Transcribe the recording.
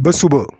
ba suba